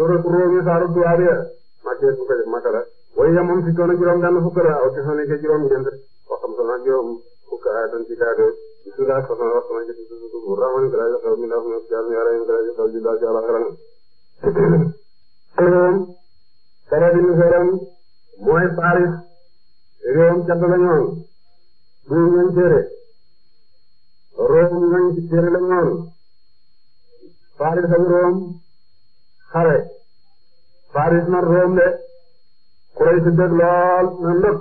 suuratu Room saarub duwaa bi makkee fukk ak makka la way ya moom si toona juróom benn fukk la aw gisoon ca juróom ñeent waxam soona juróom fukk aatan ci kaade ci suuda soona waxtana ci suudu bu rahman kala ya qawmi la hum yasjalun ya rahim kala ya qawmi la jala kharan réewam kara bi ñu sorom mooy Paris réewam cant la ñoon du ngeen téere Room ngañ ci téere la ñoon Paris ak Room xare Faris not Room de Quraysh bëgg lool na ndëpp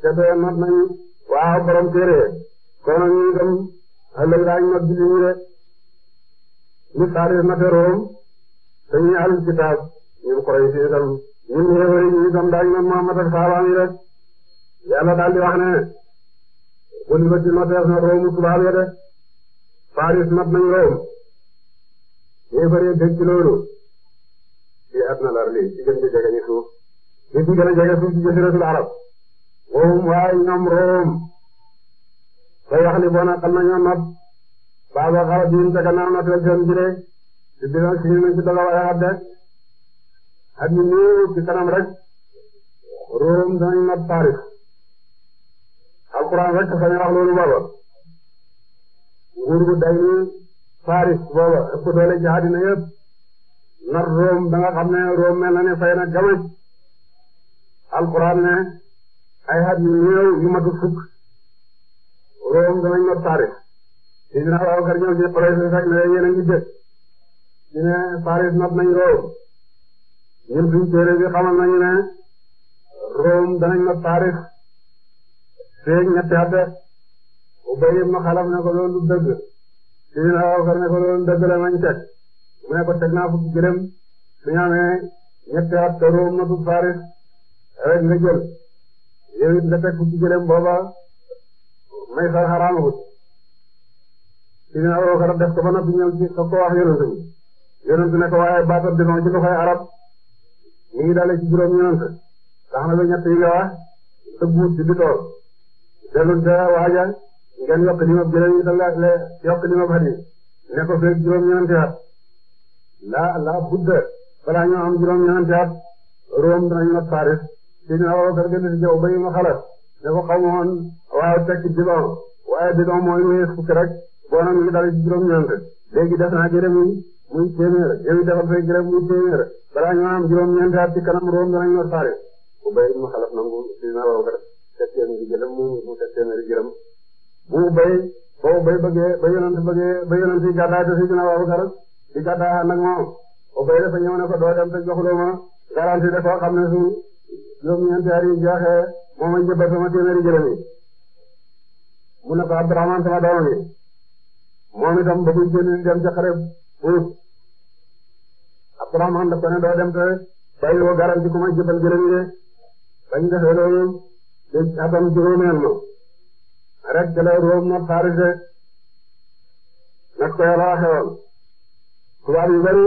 te dee not nañu waaw borom téere kon ñu itam ëllëg daañ not julli ñi de ni Faris note Room dañuy al kitaab ñun Quraysh itam ñun xéewar yi ñu itam daañ not Muhammad ak saabaam yi rek Yàlla daal di wax ne wëlbati notees na Room tubaab ya de Faris not nañ Room yéefaree dëgg ci loolu fii adna larli ci gën suuf li ci gën suuf ci jasiratul arab room waaye ñoom room koy wax bona xam nañoo nopp baaba xarab yi te gannaaw na teel seen jire ci bilan si ñu ci doga waaye xadde ak ñu néew ci kanam rek room danañ nopp taarif alquran rek sañ wax loolu booba nguur gu day nii Faris booba ëpp doole ci àddina yëpp nar Rome ba nga xam ne Rome mel na ne fay na gamaj alquran ne ay at yu néew yu matu fukk Rome danañ nar Faris si dina waaw kër ñëw ci Quraysh rek ne yéen a ngi dëkk ñu ne Faris nat nañ Rome ñun suñ téere bi xamal nañu ne Rome danañ nar Faris feeg ñetti at Ubay ibn Xalaf ne ko loolu dëgg suñu la waaw xar ko loolu la mañ teg mu ko teg naa fukki gëlëm suñu amee ñetti at te room na tub faaris rek nga jël yow it nga teg booba may xar xaraamagut suñu la waaw xar def ko ba noppi ñëw ci ko wax yonent bi yonent ne ko waaye baatal bi moom ci loxoy arab ñu ngi ci juróom yonent tax na ba ñett yi nga wax sa buut ci bitoor dellu te waaja ngeen yokk li ma jëlee ñu la la yokk li ma bari ne ko feeg juróom-ñeenti at laa laa budda balaa ñoo am juróom-ñeenti at Rome danañ la Paris si ñu aw ba gën a jaww ba ñu ma xalaat ne ko xamoon waaw tekk bidon waaye bidon mooy lu wees fukki rek boo xam ne ñu dal ci juróom-ñeent léegi def naa gërëm muy muy téeméer yow defal fee muy téeméer balaa ñoo am juróom-ñeenti at ci kanam Rome danañ la Paris bu bay ma xalaat nangu si ñu aw ba gën a jël mu mu bu bay ba bay bëggee ba yonent bëggee ba yonent yi gàddaay te si ginnaaw Abubakar di gàddaay ànd ak moom Ubay dafa ñëw ne ko doo dem te joxuloo ma garantie de koo xam ne su juróom-ñeenti at yi jeexee moom lañ jëbbal sama téeméeri jërëm yi mu ne ko Abdurahmaan sama doom bi moom itam ba muy génn dem ca xare Uhud Abdurahmaan daf ko ne doo dem te bàyyi woo ku ma jëbbal jërëm yi de bañ defee loolu léegi atam juróomeel ma rek dalay room na Paris de nag ko yàlla waxe woon tubaab yu bari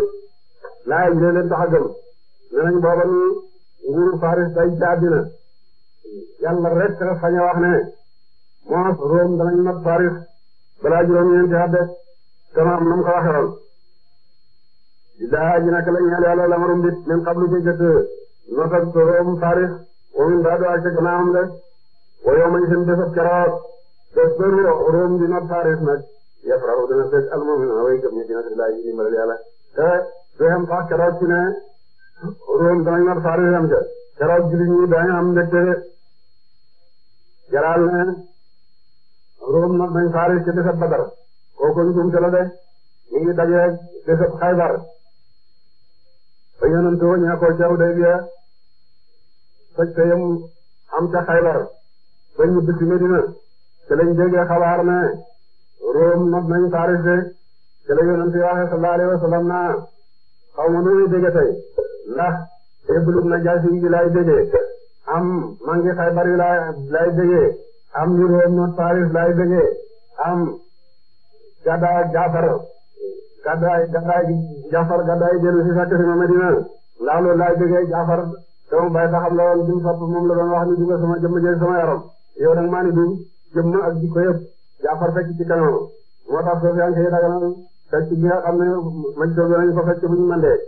laay ji leen tax a gëm ne nañ booba ni nguuru Paris day ci àddina yàlla rek sañ a wax ne moos room danañ not Paris balaa juróom-ñeenti at de kamaam nam ko waxe woon daa ji nak la ñeel yàlla lamaru mbit min qablu ci jëkk notak room Paris wa min baadu ak ca gannaawam de wa yawma isin bésab keroog tasbiru room dina taareef nag yafrahu dana fekk almu'minuna way gëm ñi dina billahi ci ndimbal yàlla te du am sax keroog ci ne room danañ mat taareef am ca keroog jullit ñi dañu am mbégte jaraal ne room nag nañ taareef ci desab Badar kooku njuumte la de ñu ngi daje desab Xaybar ba yonent wa ña ko ca Hudaybiya faj te yam am ca Xaybar ba ñu bitti Medina ci lañ xabaar ne Room not nañ Faris de ci la yonent yi waxe sallallahu alayhi wasallam na xaw ma nu muy dégg tey ndax Iblu Najaasi yi lay déggee am maa ngi Xaybar yi lay lay déggee am ni Room not Faris lay déggee am gàddaay Jaafar gàddaay gàddaay Jaafar gàddaay dellu ci fekk ci Madina ndax lay déggee Jaafar sama bay taxam la woon bi mu fàpp moom la doon wax ni dugal sama jëmm jël sama du jëm na ak jikko yëpp Jaafar fekk ci kanam moo tax Sofiyaan ko lañu ko mandee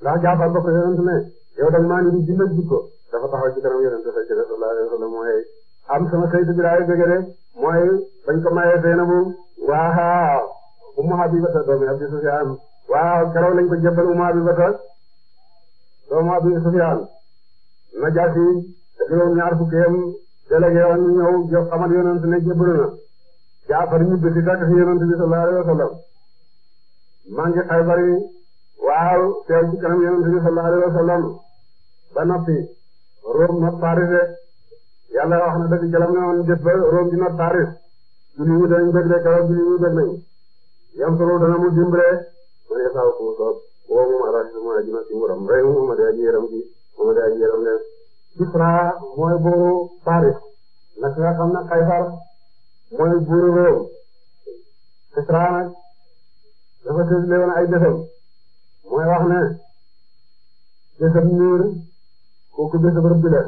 ndax Jaafar ba ko yonent ne yow da nga maa ni di jënd jikko dafa taxaw ci kanam yonent fekk na sallallahu alayhi wasallam mooy am sama saytu bi laay bëgg de mooy bañ ko mayee Zeynabu waaw Ummu Habibata doomi Abi Sufyaan waaw keroog lañ ko jébbal Ummu Habibata doomu Abi Sufyaan Najaasi délégué woon ñu ñëw jox xamal yonent ne jébbalu na Jaafar ñu bëgg si tàggat yonent wa sallam maa ngi Xaybar waaw teew ci kanam yonent bi sallallahu alayhi wa sallam ba noppi Rome not Paris de yàlla wax na dëgg jalam ne woon bés ba Rome di Paris julli ñu dañ bëgg de keroog julli ñu yam solo dana mu dimbale ma ne saa ko soob woo moom arrangement aji na si mu ram rey ma de aji yaram ci ma de aji yaram leen Kisra mooy buuru Faris la ki nga xam ne Kaysar mooy buuru Room Kisra nag dafa tëjle woon ay bésam mooy wax ne bésam niir kooku bésam rëbb la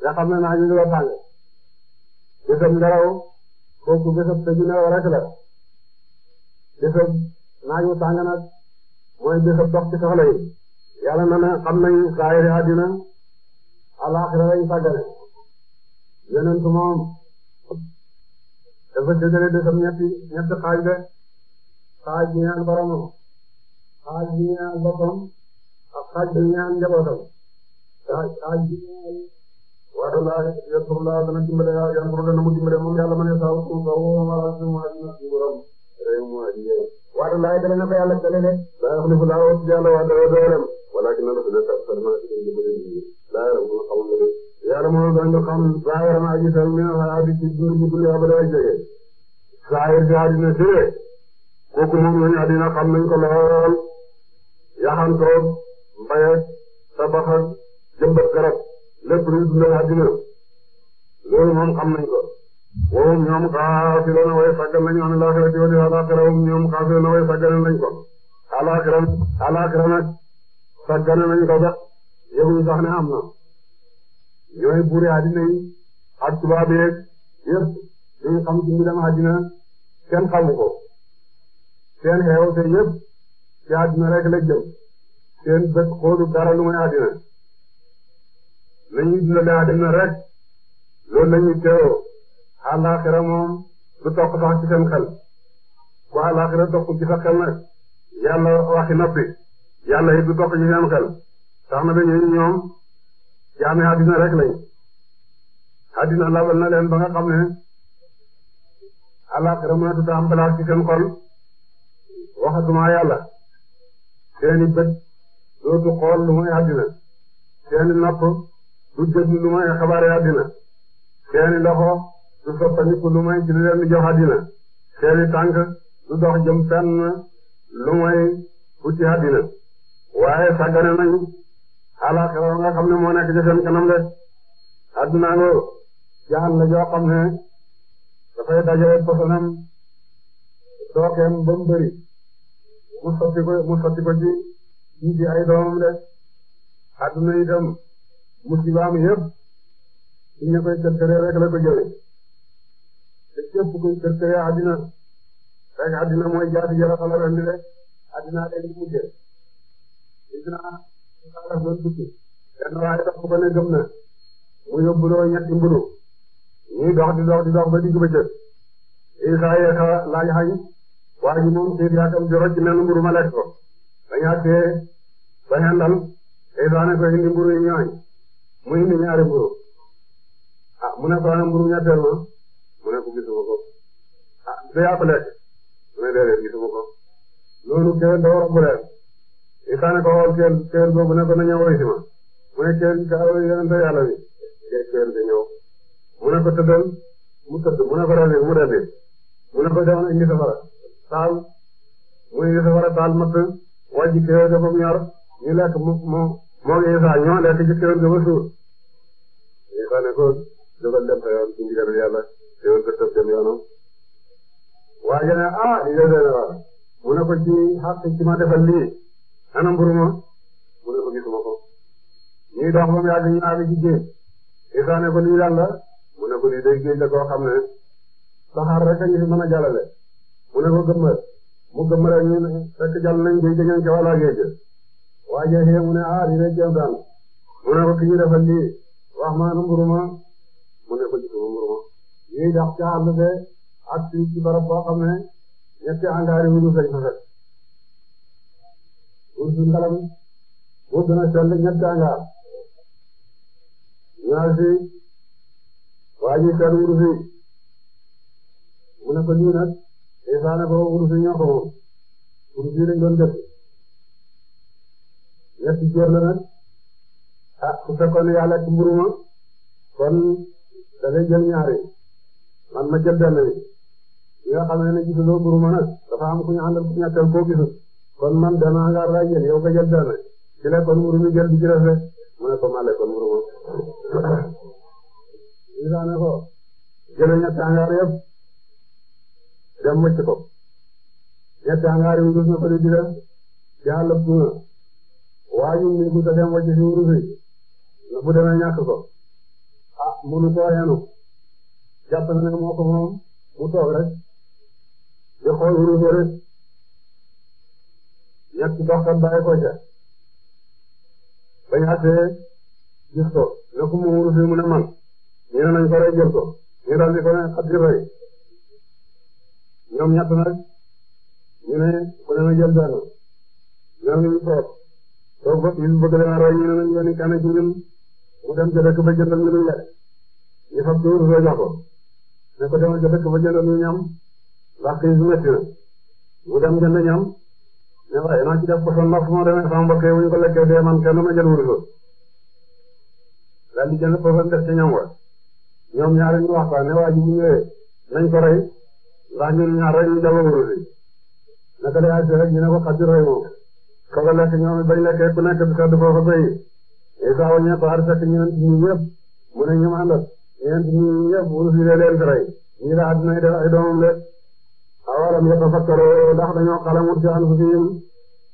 nga xam ne naa ñu ngi la tàng bésam ngelaw kooku bésam tëju nelaw rek la bésam naa tàng nag mooy bésam dox ci soxla yi yàlla na ne xam nañ saa yëre àddina alaaxira lañu sàggane yonentu moom dafa séddale dëkkam ñetti ñetti xaaj de xaaj bi ñaan boromam xaaj bi ñaan boppam ak xaaj bi ñaan njabootam xaaj bi ñaan waa doon laa yokkur laa dana dimbale yankuru dana mu dimbale moom yàlla ma ne saawu suuf a woo ma su mu aj na borom rey mu aj yee waa doon laa yi dana na ko yàlla dale de laa yaxlifu laa wax yàlla waa dana doolem walakin na dafa ne sa sa ma daa yaram moom xamul ne yàlla moom daan nga xam daa yaram aji mi xayaa di ci dund bu dund ba day jóge saayir si àddina siree kooku moom lañu àddina xam nañ ko lool yaxantoog mbayag tabax ak jëmbat garab lépp luy dundal àddina loolu moom xam nañ ko wowum ñoom xaafila na way saggan lañu am laaxira ti wadi alaaxira wum ñoom xaafila na way saggan lañ ko alaaxira alaaxira nag saggan ko ba yëguñu sax ne am na ñooy buure àddina yi ak tubaab yeeg yëpp li ñu xam ci mbiram àddina kenn xamu ko seen xew te yëpp ci rek la jëm seen bët xoolu dara lu muy àddina nañuy dundale àddina rek loolu la ñuy teewoo àllaaxira moom du toq sax ci seen xel ku àllaaxira toq ci sa xel nag waxi noppi yàlla it du toq ci seen xel. tax na ba ñooñu ñoom jaami addina rek lañ addina labal na leen ba nga xam ne alaxira mënatu ta am place ci seen waxatuma yàlla seeni bët dootu xool lu mooy addina seeni nopp du déglu lu mooy xabaare addina seeni loxo du soppandiku lu lu leen di jox addina seeni tànk du dox jëm fenn lu mooy wuti addina waaye sàggane nañu alaxira nga xam ne moo nekk ci seen kanam de adduna ngoo jaxal la joo xam ne dafay dajale posanam dookeem ba mu bëri mu sotti ko mu sotti ko ci ñi ci ay doomam de adduna itam musibaam yëpp ci ñu koy kërkëree rek la ko jële te képp kuy kërkëree addina rek addina mooy jaati jëla fa la wendi de addina leen mujje Saalum doon tukki benn waaye dafa ko ne gëm na mu yóbbuloo ñetti mburu ñuy dox di dox di dox ba ma lekk ko dañu àggee ba xendal Isa ne ko mburu yi ñooñ mu indi ñaari mburu ah mu ne ko mburu ñetteel ma mu ne ko gisuma ko ah da yaa ko lekk mu ne déedéet ah, gisuma ko loolu kenn doo rabbu leen Seytaane ko xool keel keel boobu ne ko na ñëw si ma mu ne keel ka yonente yàlla bi keel bi ñëw mu ne ko tëddal mu tëdd mu ne ko rëbbi mu rëbbi mu ne ko demal indi safara taal mu indi safara taal matt wàjj keel ga ba mu ñor ñu lekk mu mu moo ngi Isaa ñoo lekk ci keel ga ba suur Seytaane ko dugal dem sa yoon ci ndigalu yàlla yoon sa tëb dem yoonam waaye ne ah li nga doon wax mu ne ko ci xàq ci ma defal lii. ana mburu ma mu ne ko gisuma ko ñuy dox ba mu yàgg ñu àgg ci géej la mu ne ko lii day la koo xam ne saxaar rek a ngi fi mën a jàllale mu ne ko gëmmal mu gëmmal ak ñun fekk jàll nañ géej dañu ci wàllu géej waa jeexee mu ne ah lii day jéem daan mu ne ko ki ñu defal lii wax mburu ma mu ne ko gisuma mburu ma ñuy dox ca àll ak ci barab boo ne ñetti angaari wuñu fañ fa fekk wurdu ngalam moo gën a sell ñetti angaar ñu naan si waa ji sell wurdu fi mu ne ko nii nag Isa ne ko wurdu fi ñoo ko moom wurdu fi lañ doon def ñetti ceer la nag ah su fekkoon ne yàlla ci mburuma kon dafay jël ñaari man ma jël benn bi nga xam ne ne gisuloo mburuma nag dafa am ku ñu àndal ku ñetteel koo gisul kon man dana nga ràññee yow nga jël dana ci la kon muru mi jël bi mu ne ko male ko jële ñetti angaar yëpp dem wëcc ko ñetti angaar yi wurus na ko di dira ci àll bu na waaye ñu ngi ko te dem wëcc si wurus yi na bu demee ñàkk ko ah munu ko na ne moo moom mu toog rek di xool wurus rek ñett bakkan bàyyi ko ca bañ àttee gis ko ne ku mu wóorul fii mu ne man ñu ne nañ ko rey jël ko ñu daal ko ne xat di rey ñoom ñett nag ñu ne ku ne na jël benn ñoom ñu toog toog ba ñu bëgg leen a rey ñu ne nañ yónni kenn ci ñun mu dem ca dëkk ba jëndal ñu lu lekk ñu fab ci wóorul fee jox ne ko mais waaye naa ci def poson ndax fu ma demee sama mbokk yi bu ñu ko lekkee dee man kenn ma jël wutu ko daal di jënd poson def ci ñoom wa ñoom ñaar ñu wax quoi ne waa ji bu ñëwee nañ ko rey ndax ñun ñaar rek ñu si naka lay àgg rek ne ko xaj rey moom. foog a lekk ñoom bañ la ku nekk bi sedd foofu béy yi saa wàññi ko àll fekk ñeent ñi ñëpp mu ne ñu àndal ñeent ñi ñëpp wutu si dee leen rey ñu ne àdduna yi ay lam yatafakkaru ndax dañoo xalamut ci anfusihim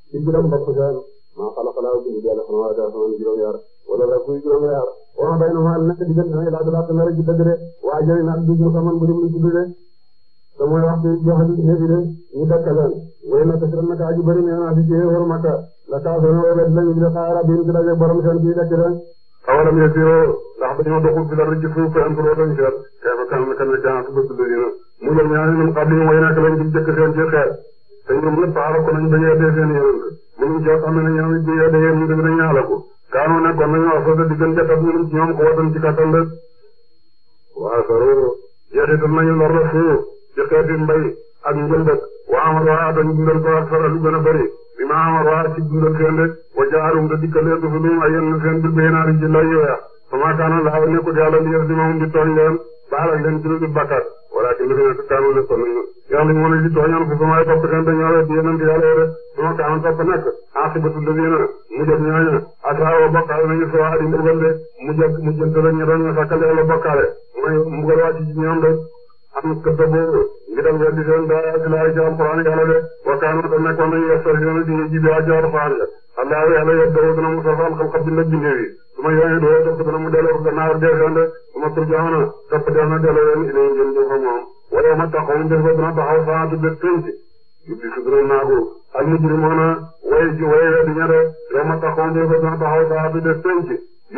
ci biram bopp seen maa xalaqnaa ci biir samaawaati asamaan juróom-ñaar wala rakku juróom-ñaar wama baynahumaa nekk diggante na ilaa talaata mer ci dëgg de waa jëri naat bi ñu xamoon bu dim lu jubli de te mooy waxtu joxati ñëfi de ñu dakka leen way na kasiran naka aji bëri nee naa si ci war makka la bi de xaara biin ci daje borom seen kii dakki de awalam yasiiru ndax dañoo doxul bi dara ci suuf fayanzuru dañ seet kayfa kaana nakiratu llaziina mu jël ñaari min qablihim way nekk lañ di jëkk seen ci xeet te ñoom lépp xalaku nañ bañ a dee seen yonent mënuñ cee xam ne ñoom bi ñu dee yéen tamit dañu xalaku kaanu nekkoon nañu asada di gën jatat ñun ci ñoom quwwatan ci kattan rek waa saru yexital nañu lor la suuf ci xeeti mbay ak njëlbët waa amar waa lu a bari maa war waa ci dund ak seen rek wa jaarum nga dikkalee du fi lu ay yenn seen bi bay naa di ci lay weex sama kaana laaw nekkut yàlla li di moom di tooñ leen baalal leen ci lu dul bakkat wala ci lu fi nekk kaanu nekkoon nañu yàlla a di tooñal fu samay topp seen dañoo wet yéenante yàlla nekk aqibatu ladina mu de mu jëg mu jënte la ñu doon nga sàkkal am kese boobu ngi dem weddi seen daara ci laay ci alquran yàlla de wakkaano te nekkoon nañu yastarjoona di ñu jibi aji alquran la allah yàlla yëpp dawo dana mu safal xalxal bi ndëj bindee wi su ma yooyu doo topp dana mu delloo gannaaw deefeende su ma turjaana topp def na delloo leen ilay jëm jëm fa moom wala ma taxaw bés ba dana taxaw saatu bés pénc yubbi sudra naagu almujrimoona way way weddi ña de yow ma taxaw bés ba dana taxaw saatu bés pénc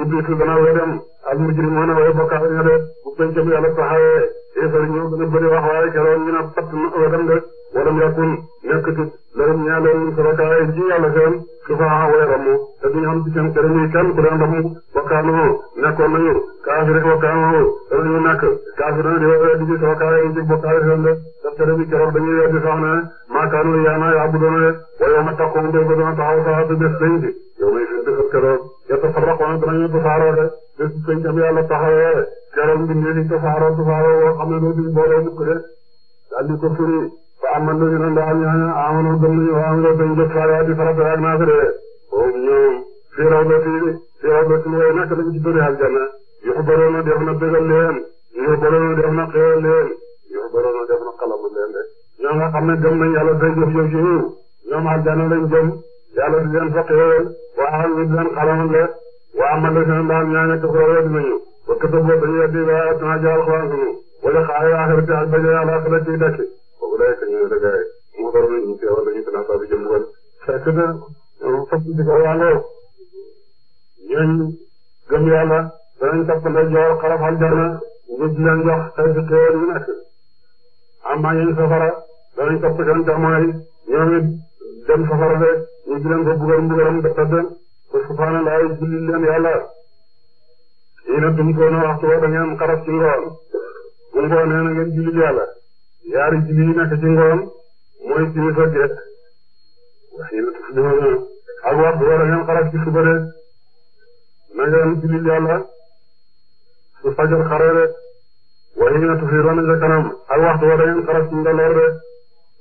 iblisu dana way dem al mujrimuna way bokkaale ña de bu pencam yàlla taxawee yéefar ñoo gën a bëri wax waaye keroog ñu ne patt na way dem de wala mu yakun nekkatut lahum ñaa leen sadakaay ci yàlla seen sufaa way ramu te duñu am ci seen kër muy kenn ku leen ramu wakkaanu nekkoon nañu kaafir rek wakkaanu te duñu nekk kaafir na di weddi ci sadakaay ci bokkaale seen de daf te dañu keroog dañuy weddi sax ne maakaanu yaana yaa budoone waaye ma takkoon bés ba dana taxaw saa su bés lañ ci yow may fi bésab keroog ya tafarraqoona danañu tasaaroo de bés sañ tam yàlla taxawee keroog mbindee fi tasaaroo tasaaroo woo xam ne dootuñu booloo mukk de daal di ko firi amal na ñu ndax ñu amal na gëm nañu amal na gëm jot faale ati farata ak naa fere ñoom fii raw ba fii fii raw ba fii mooy naka lañu ci bëri aljanna yoo baroon na def na bégal leen yoo baroon na def na xéewal leen yoo baroon na def na xalamu leen rek ñoo nga xam ne gëm nañ yàlla day jëf jëf ci yiw ñoom aljanna lañ jëm yàlla di leen fa xéewal waa ñu di leen xalamal leen waa amal na seen daal ñaaña kafara wedd nañu ba këtëboo dañu weddi ba naa jaal xalaat sunu wala xaar yaa xirati ak bañ a yàlla xirati dakki ulaa'ika ñooñu la gaay mu waroon nañu fi wala ñu finance bi jëm wala. fekk na fas yi di ko yaangoo ñooñu gëm yàlla danañ topp ndaje joor xarab aljanna ñu di leen jox ay xéewal yu nekk am naa ñooñu safara danañ topp seen jamono yi ñooñu dem safara de ñu di leen ko bugal mbugalam dafa dem ba subhanallah julli leen yàlla yéen a tuñ ko na waxtu woo da ngeen xarab ci ngoon bu ngoonee na ngeen julli yàlla. yaari jibi yi nekk ci ngoon mooy kilifa geek wax yéen a dama moom waxtu wala ngeen xalaat ci suba na ngeen jibil yàlla su fajar xare de waaye ñu ne tuuti doon nga kanam ak waxtu wala ngeen xalaat ci ndoloor de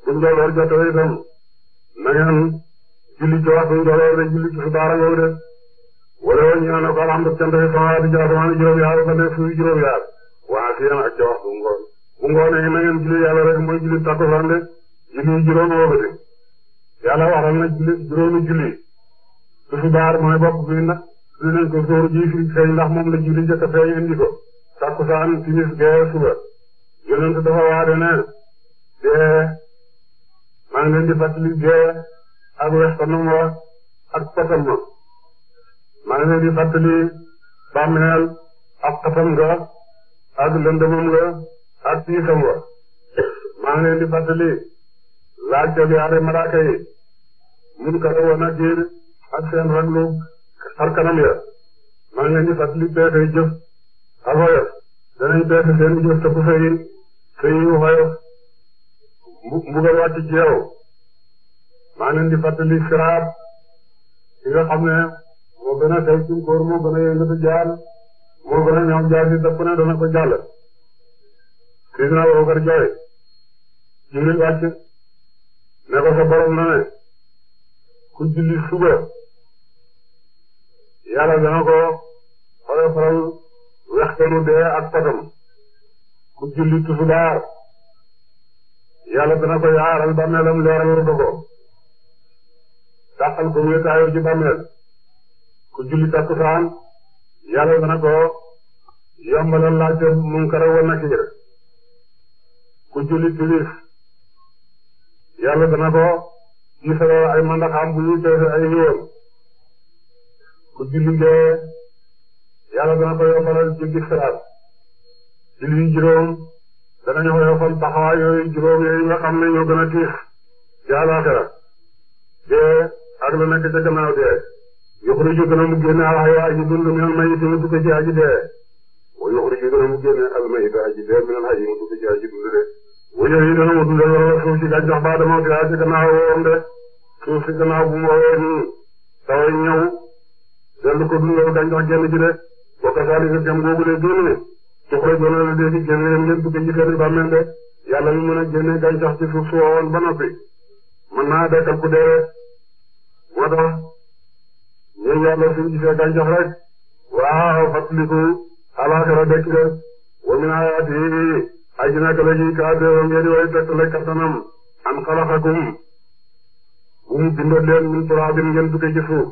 bu ndoloor jotee na ngeen julli ci waxtu ndoloor ci subaara ngoog de wala ñu ne ko alhamdulilah cant yi sama di jaatuma juróom-yaar ba nekk ci waxtu ngoon bu ngoonee na ngeen rek mooy julli takkusaan de julli juróom woo ko de yàlla waxal na juróomi julli mooy bopp bi na julli nañ ko sóor ji fi feeñ ndax moom la julli jëkk feeñ indi ko takkusaan timis gee suba yonent dafa waade ne dee maa ngi leen gee ak wextanam wa ak potam ma maa ngi leen di fàttali ak xatam nga ak lëndëmam nga ak tiitam wa maa ngi leen di fàttali laaj ko yaare malaaka mun ka woon ak ak seen raglu xar kanam ya maa ngi leen di fàttali peete jëf ak woyof danañ peete seen jëf te ku fay fay woyof mbugal wàcc ci yow maa ngi leen di fàttali siraat moo gën a tey ci moo gën a yëngatu jaar moo gën a ñoom jaar si dëpp ne Seydina Babakar Jawe Jibril wàcc ne ko sa borom na ne ku julli suba yàlla dana ko xoyofal wextanu dee ak potam ku julli tusubaar yàlla dana ko yaaral bàmmeelam leeral ko ko dàqal ko wéetaayu ci bàmmeel ku julli takkusaan yàlla dana ko yombalal laajte munkar wa nakiir ku jullit di wér yàlla dana ko gisaloo ay mandaxam bu ñuy peese ay yoon ku jullit dee yàlla dana ko yombalal jéggi siraat jullit juróom danañu ko yombal taxawaay yooyu juróom yooyu nga xam ne ñoo gën a tiix ci àllaaxira dee ak la nekk ca gannaaw dee yuxriju gën a mu génne alxaya aji al mayit mu dugg aji dee wa yuxriju gën a al mayit aji dee min al hayyi mu dugg ci aji wëjëf yi dana wutu dana suuf si gàncax ba dama ci laaj gannaaw woon de suuf si gannaaw bu ma woowee nii taw yi ñëw dellu ko dundal gàncax génn ci de boo ko saa di gis jëm googu la doon na dee ci génn leen ngeen dugg ci kër yi ci suuf su wowoon ba noppi naa dekkal ku dee moo tax ñun yàlla suñu gisee gàncax rek waaw fàttaliku alaxira dekk de wa min ayaati aji naka la ñuy kaa an xalaxakum bu mu leen min turaabin ngeen tukkee ci suuf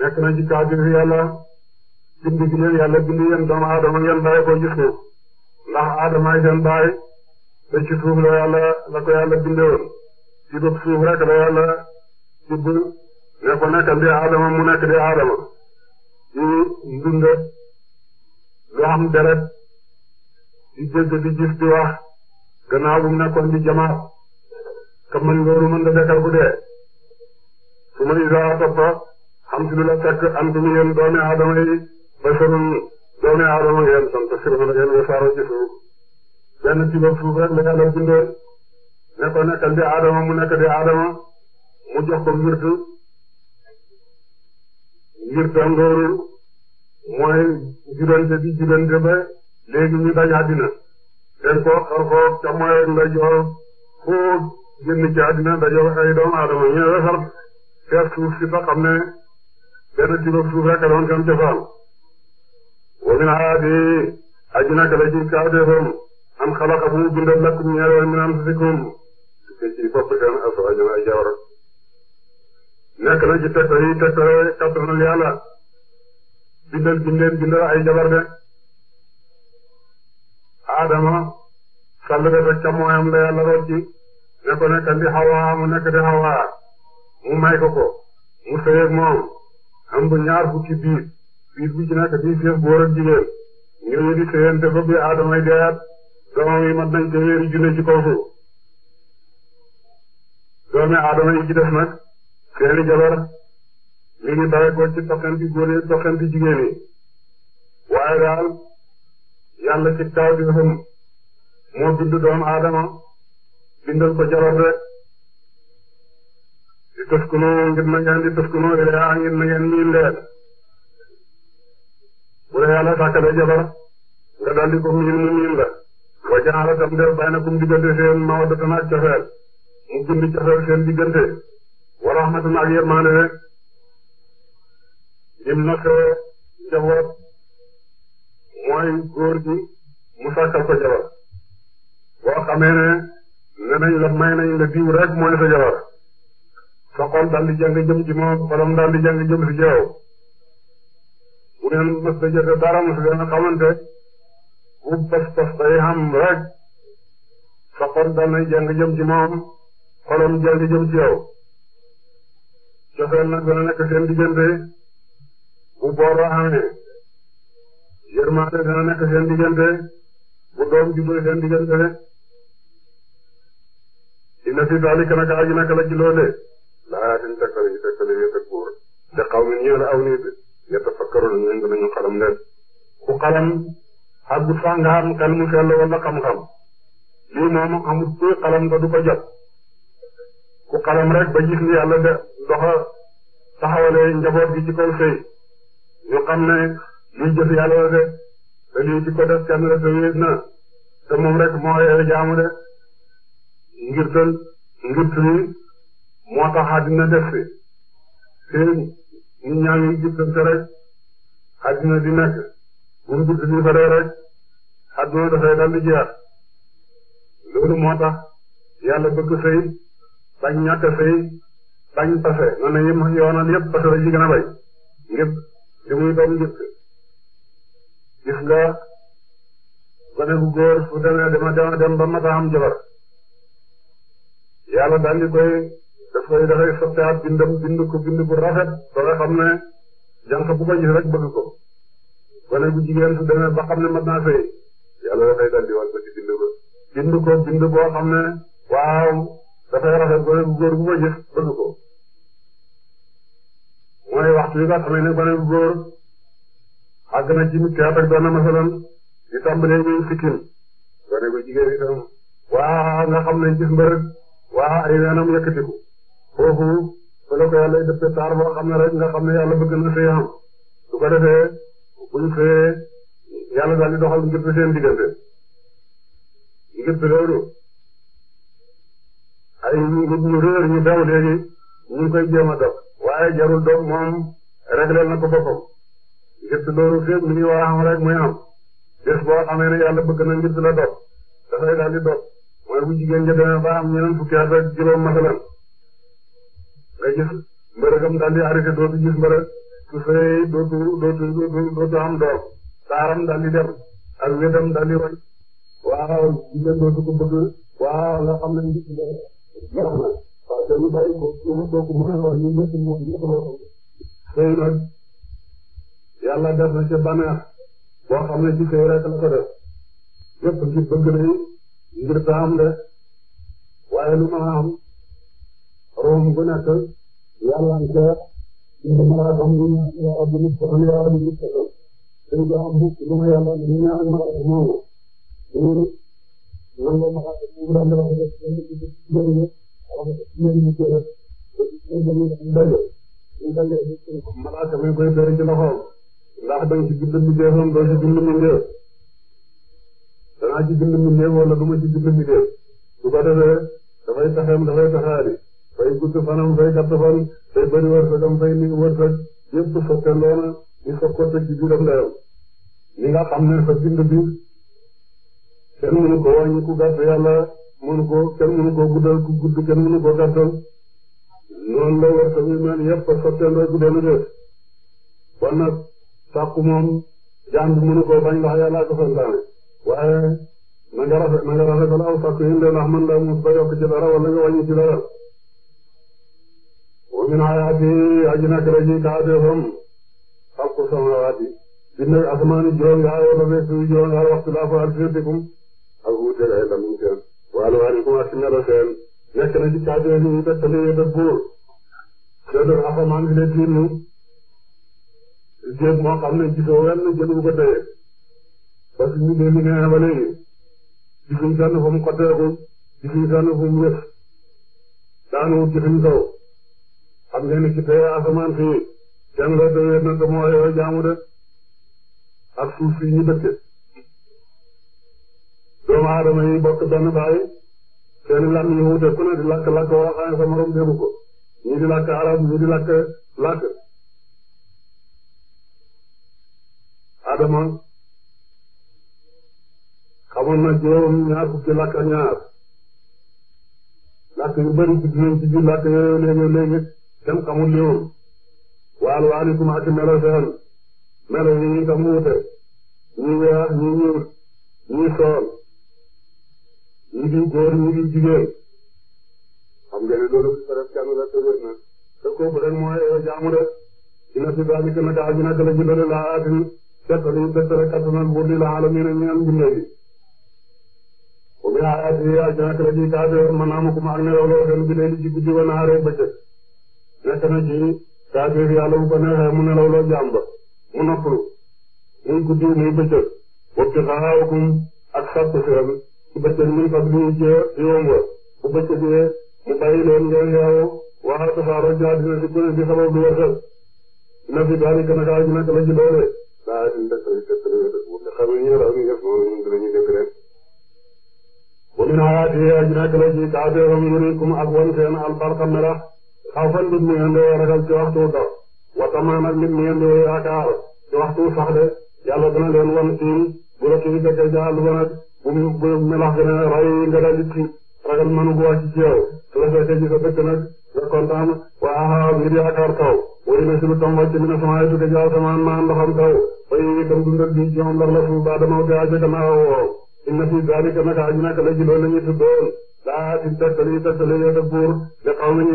nekk na ci kaa bi yàlla bind gi leen yàlla bind yéen doomu ko ci suuf ndax aadama ay baay ko yàlla bindewoon ci bopp suuf rek la yàlla jubb ne ko nekkal di aadama mu nekk di aadama ci lu am deret di dégg di gis di wax gannaaw bu mu nekkoon di jamaat te man loolu mën da dekkal ku dee su ma izaa toppa xam si lu la fekk am tumu yéen doomi aadama yi basharun doomi aadama ngeen sant sirma ngeen wasaaroo ci suuf benn ci bopp suuf rek la yàlla bindee ne ko nekkal di aadama mu nekk di aadama mu jox ko wird wirdam loolu mooy judante di judante ba léegi ñu daj àddina seen ko xar ko càmmoñ ak ndeyjoor foo génn ci àddina dajoor ay doomu aadama ñëwee xar fees suuf si fa ne benn kilo suuf rek doon seen cosaan wa min aadi aji naka la ci kaateefam an xalaqa bu bindal lakum ñeewal min anfusikum ci bopp seen aswaajam ay jawar nekk na ci tegtal yi tegtale kattanal ay jabar de Adama kàll ba ca càmmoñam la yàlla ne ko nekkal di Hawa mu nekk di Hawa mu may ko ko mu sëyeeg moom am ñaar fukki biir biir bu di seef góor ak jigéen ñooñu di sëyante ba bi Adama yi deeyaat doomam yi mat nañ téeméeri junne ci kaw suuf doomi Adama yi ci def nag seeni jabar mi ngi bàyyi ko ci toqanti góor yi toqanti jigéen yi waaye daal. yàlla ci taw bi moo bind doomu aadama bindal ko jaloore di taskunoo ngir na ngeen di taskunoo ilaa ngir na ngeen miin leen bu la yàlla tàkkalee jabar nga daldi ko miin mu miin la wa jaxala tam def baynakum diggante seen mawaddatan ak cofeel mu bind cofeel seen diggante wa rahmatan ak yërmaande rek lim na fee njaboot mooy góor gi mu sàkkal ko jabar boo xamee ne ne la may nañ la diw rek mooy sa jabar sa xol daal di jàng jëm ci moom xolam daal di jàng jëm ci yow bu ngeen mës a jëfe dara mës ngeen xamante bu pas pas day xam rek sa xol daal di jàng jëm ci moom xolam jàng jëm ci yow cofeel nag dana nekk seen diggante bu booroo amee yërmande dana nekk seen diggante bu doom juddoo seen diggante rek inna fi daalika naka aji naka la ci loolee la ayatin tegtal yi tegtal yi yëpp buur te xaw ma ñëw la aw nit yatafakkaruna ñoom danañu xalam leen ku xalam xagut fa nga am xel mu sell wala xam-xam lii moom amut kuy xalam te du ko jot ku xalam rek ba gis ni yàlla de doxa taxawalee njaboot gi ci kaw sëy ñu xam ne luñ jëf yàlla la de def kenn la te na te rek moo yeyoo jaamu de ngir tël ngir tëli moo tax àddina def fi te nit ñaa rek àddina di nekk bu ñu jiitu lii ba loolu moo tax yàlla bëgg sëy bañ ñàkk sëy bañ pase man la yoonal yëpp pase la bay ngir li muy doon njëkk. gis nga gone gu fu demee dama dama dem ba mata am jabar yàlla daal di koy dafay dafay sotteat bindam bind ko bind bu rafet ba nga xam ne jànq bu ko gis rek bëgg ko gone gu jigéen su ba xam ne mat naa sëy yàlla dafay dal di wal ba ci bind ko bind ko ne waaw dafay rafet gone gu bu ko gis bëgg ko mooy waxtu yi nga xam ne gone gu àgg na ci teet ak benn masalan di tàmbalee sikkin waa nga xam ne gis mbërëg waa ay weenam yëkkatiku foofu fa la ko yàlla def taar boo xam ne rek nga xam ne yàlla bëgg na fee am su ko defee buñ fee yàlla daal di doxal ngir seen diggante loolu ay nit ñu réer daw léegi ñu koy jéem a waaye jarul dog moom réglé na ko boppam ngir loolu feeg mi ngi war a rek mooy am bés boo xamee dafay daal di mooy bu jigéen ja demee ba am ñeneen fukki at rek juróom nga gis mbërëgam daal di arrêté dootu gis mbërëg su fee dootu dootu dootu am doom taaram daal dem ak wétam daal di jigéen dootu ko bëgg waaw nga xam ne nit ñi daal jeex na waaw dañu bàyyi yàlla def ci bànneex boo xam ne ci sëy rek yëpp ci bëgg ngir ta am de lu mën a am room bu nekk yàlla am ca ngir mën a xam lu yàlla bi nit ko yàlla bi nit ko dañ ko am bu lu ma yàlla ni ñu ak mara ko moomu ngir man nga mara ko mu daan dafa ko def jëriñu jëriñu jëriñu daje ñu daje malaaka mi koy bëri ci loxoom ndax da nga ci bind mbindeefam doo ci bind mbindeef danaa ci bind mbindeef wala du ci bind mbindeef su ko defee dafay taxem dafay taxaari fay gudd fanam fay gàtt fan fay bëri wërsëgam fay ni wërsëg yëpp fekk loona ñu fekk ko ci biiram ndeyam li nga xam ne sa bind bi kenn mënu ko wàññi ku gàtt yàlla mënu ko kenn mënu ko guddal ku gudd kenn mënu ko gàttal noonu la wërsëg yi mel yëpp fekk ndoo guddee na def kon nag sàkku moom jaam bi mënu koo bañ ndax ko santaane waaye na nga rafet na nga rafetal aw sàkku yi man la mus ba yokk ci dara wala nga min ayaati aji nekk rek yi kaateefam xalqu samawaati bind asamaani juróom-ñaar wala bés yu juróom-ñaar waxtu laa fa alsinatikum ak wuute ay lamin seen wa alwaanikum ak melo seen nekk na ci kaateef yi dëkkale yi dëkk jéem moo xam ne gisoo wenn ko tëye parce que ñu dee mi ne ba léegi gisuñ fenn fu mu xotteeku gisuñ fenn fu daanu gisuñ kaw xam ngeen ne ci tey asamaan si kenn loo tëyee na ko moo jaamu de ak suuf si ñu dëkke doomu aadama yi bokk benn baay seen làmm yi wute ku ne di lakk lakk woo xam ne sa morom ko ñii di lakk arab ñii di lakk lakk Adama xamoon na juróom ñaar fukki làkk ak ñaar làkk yu bëri ci dinañ ci biir làkk yooyu kuma ak melo melo yi ñuy tax mu wute ñuy weex ñuy ñuul ñuy sool ñi di góor ñi di jigéen xam nga ne loolu si si daal di gën a gaaw laa aati set li ñu set rek kàttanal la aalamiina ñeel bi bu ci kaafir manaamukum ak nelaw loo leen bi leen ci guddi wa naaree bëccëg nekk na ci kaafir yàlla bu ko mu nelaw loo jàmba mu noppalu muy guddi muy bëccëg woppi xaawukum ak sàpp seen ci bëccëg min fag lii ci yomb bu bëccëgee mu bàyyi leen ngeen yeewu waa tasaaroo jaadina di ko di sabab du na fi daal di gën a kaay nekk la ci saa yu ñu def tamit def nañu def bu xam nga ñun daal ñu def moom ñun dinañu dégg rek. wa min ayaatihi aji nekk la ci taafeeram yurikum ak wan seen albarka melax xaw fan ak nit mu ngeen doo yaakaar ci waxtu sax de leen wan siin bu la kii fekkee jaal ba nag bu bu melax gën a rey nga daal di tiit ragal mënu bu wàcc ci yow su la fekkee ci sa dëkk nag nga kontaan waa ngir yaakaar kaw wari na si lu tombal a mina sama tuddee ci asamaan maa ndoxam kaw waaye itam dundal bi ci la fu ba dama wute aja kama woo inna fi dalika naka aju naka la ci loolu la ñuy tuddoon daa di tegtali tegtali yoo def buur de xaw la ci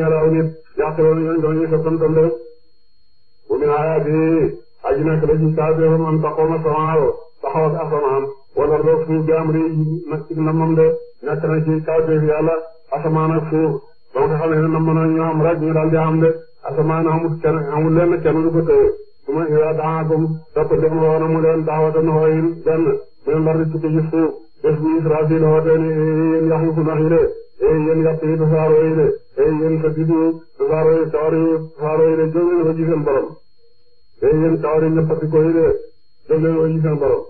saa teefam am taxawma samaaw taxaw ak asamaan wala doo fu jaam ri nag ci namam de nekk na ci saa teef yàlla asamaan ak suuf donc xam ne namm na ñu am rek ñu daal di am de asamaan amul kenn amul lenn kenn du ko tëye su ma ila daakum topp ndem woon mu leen daawatan hooyin benn men lar di tukki ci suuf bés bu Israfil hootee ni yéen yax yu funax yi de yéen yàpp yi tasaaroo yi de yéen sa gisu tasaaroo yi tawar yi tasaaroo yi de jóg leen ko ci seen borom yéen tawar yi ñëppati ko yi de ko ci seen borom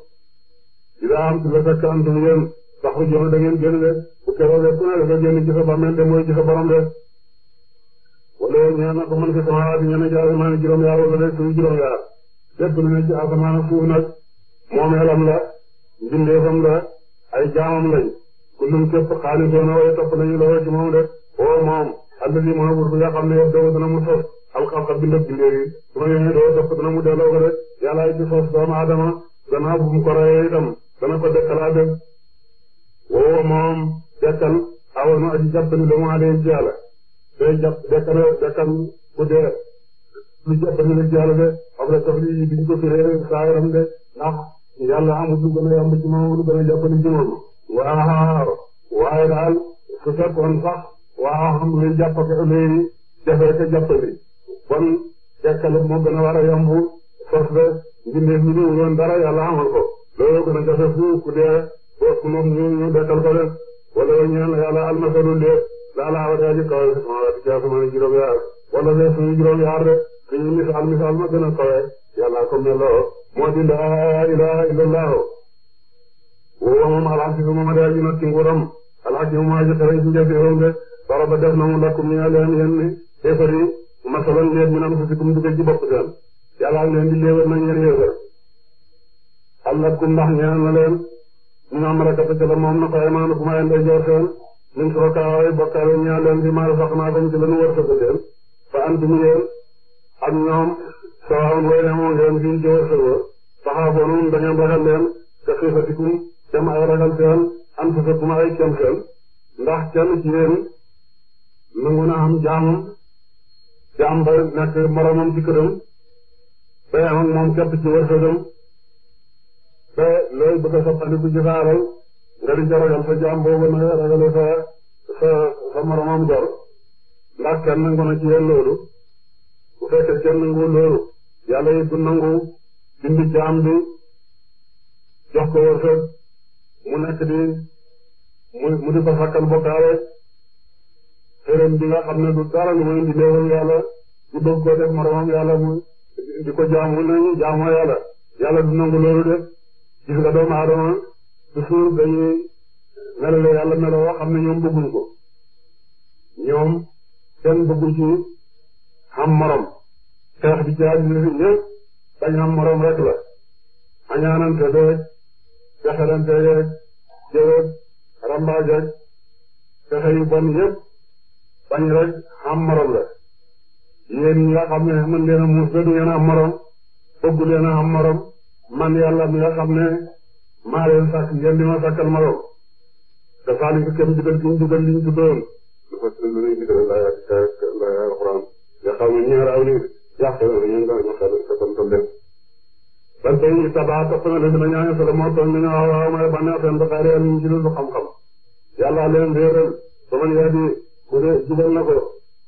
ila am tu la fekk antum yéen sax da ngeen génn de bu keroog de ku ne dafa génn ci sa bàmmeel de mooy ci sa borom de wala ñëw na ko mën ci sama bi ñëna ci asamaan juróom-yaar wala suuf juróom-yaar lépp lu ne ci asamaan ak suuf la mbindeefam la ay jaamam lañ kullum képp xaalis doona way topp la ci moom de o moom alladi moo bur bi nga xam ne yow doo dana mu sos alxalqa bindab bindéef ko de yàlla ay ci sos doomu aadama gannaaw bu mu ko rayee itam dana la day jàpp ku dee lu jàpp ni la ci de xam nga daf lii biñ ko firee saa yaram de ndax yàlla amul lu gën a yomb ci moom lu gën a jàppandi ci moom. waaw waaye daal su fekkoon sax waaw xam luy jàpp ak luy defee ko jàppandi bon dekkal moo gën a war a yomb sos de mbindeef mi ñu woon dara yàlla amal ko. loolu gën a jafe fu ku dee boo ko moom ñu ñu dekkal ko de de. laa laa wa daaji kawe fi samaawaati ci asamaan juróom yaar wala fee suñu juróom yaar de suñu misaal ma gën a kawe yàlla ko meloo moo di laa ilaaha illallaahu wa moom alxakiimu daaji notti nguuram alxakiimu moo aji xere ci njëfiirum de baraba def na mu lakum yaa leen yéen ni xéefar yi masalan leet min anfusikum dugal ci bopp seen yàlla leen di léewal na ngeen xéefar hal lakum ndax la moom na ko aymaanakum ay ndeyjoor ñun su ko kaawee bokkaale ñaan leen fi maal sax naa ko ci la ñu war a tëgg fa antum ngeen ak ñoom sawaawun way ne moom ngeen fii ci wërsëg wa taxaafoonum da ngeen ragal leen te xiifatikum dem ay ragal seen anfusakum ay kem seen ndax kenn ci yéen nangu na am jaamam jaam ba nekk moromam ci këram day am ak moom képp ci wërsëgam te looy bëgg a soppandiku ci loolu nga ragal sa jaam boobu na ragale sa sa sa moromam gor ndax kenn nangu na ci loolu bu fekkee kenn nangu loolu yàlla it du nangu bind jaam bi jox ko wërsëg mu nekk di mu mu di ko sàkkal bokkaale xërëm bi nga xam ne du dara lu muy indi léewal yàlla di bëgg ko def moromam yàlla mu di ko loolu def gis nga doomu aadama toujours dañuy melo la yàlla melo yoo ne ñoom bëgguñ ko ñoom seen bëggu ci xam morom xeex bi jaay ñëpp bañ xam morom rek la añaanante beeg jaxelante yeeg jëweeg rambaaj ak pexe yu bon bañ rek xam morom la yéen ñi nga xam ne mën leen a muus ba du ngeen am morom bëggu leen a maa leen sàkk di ma sàkkal ma lool dafa nekk kenn dugal gi ñu dugal lu ñuy digal ndax yaa yaa alxuraan nga xam ne ñaar aw nii yàq na ñoom daal ñu xel sa tonton dem. ban tey it tabax topp na léegi nag ñaareel solo leen réeral ba man yaa di jubal na ko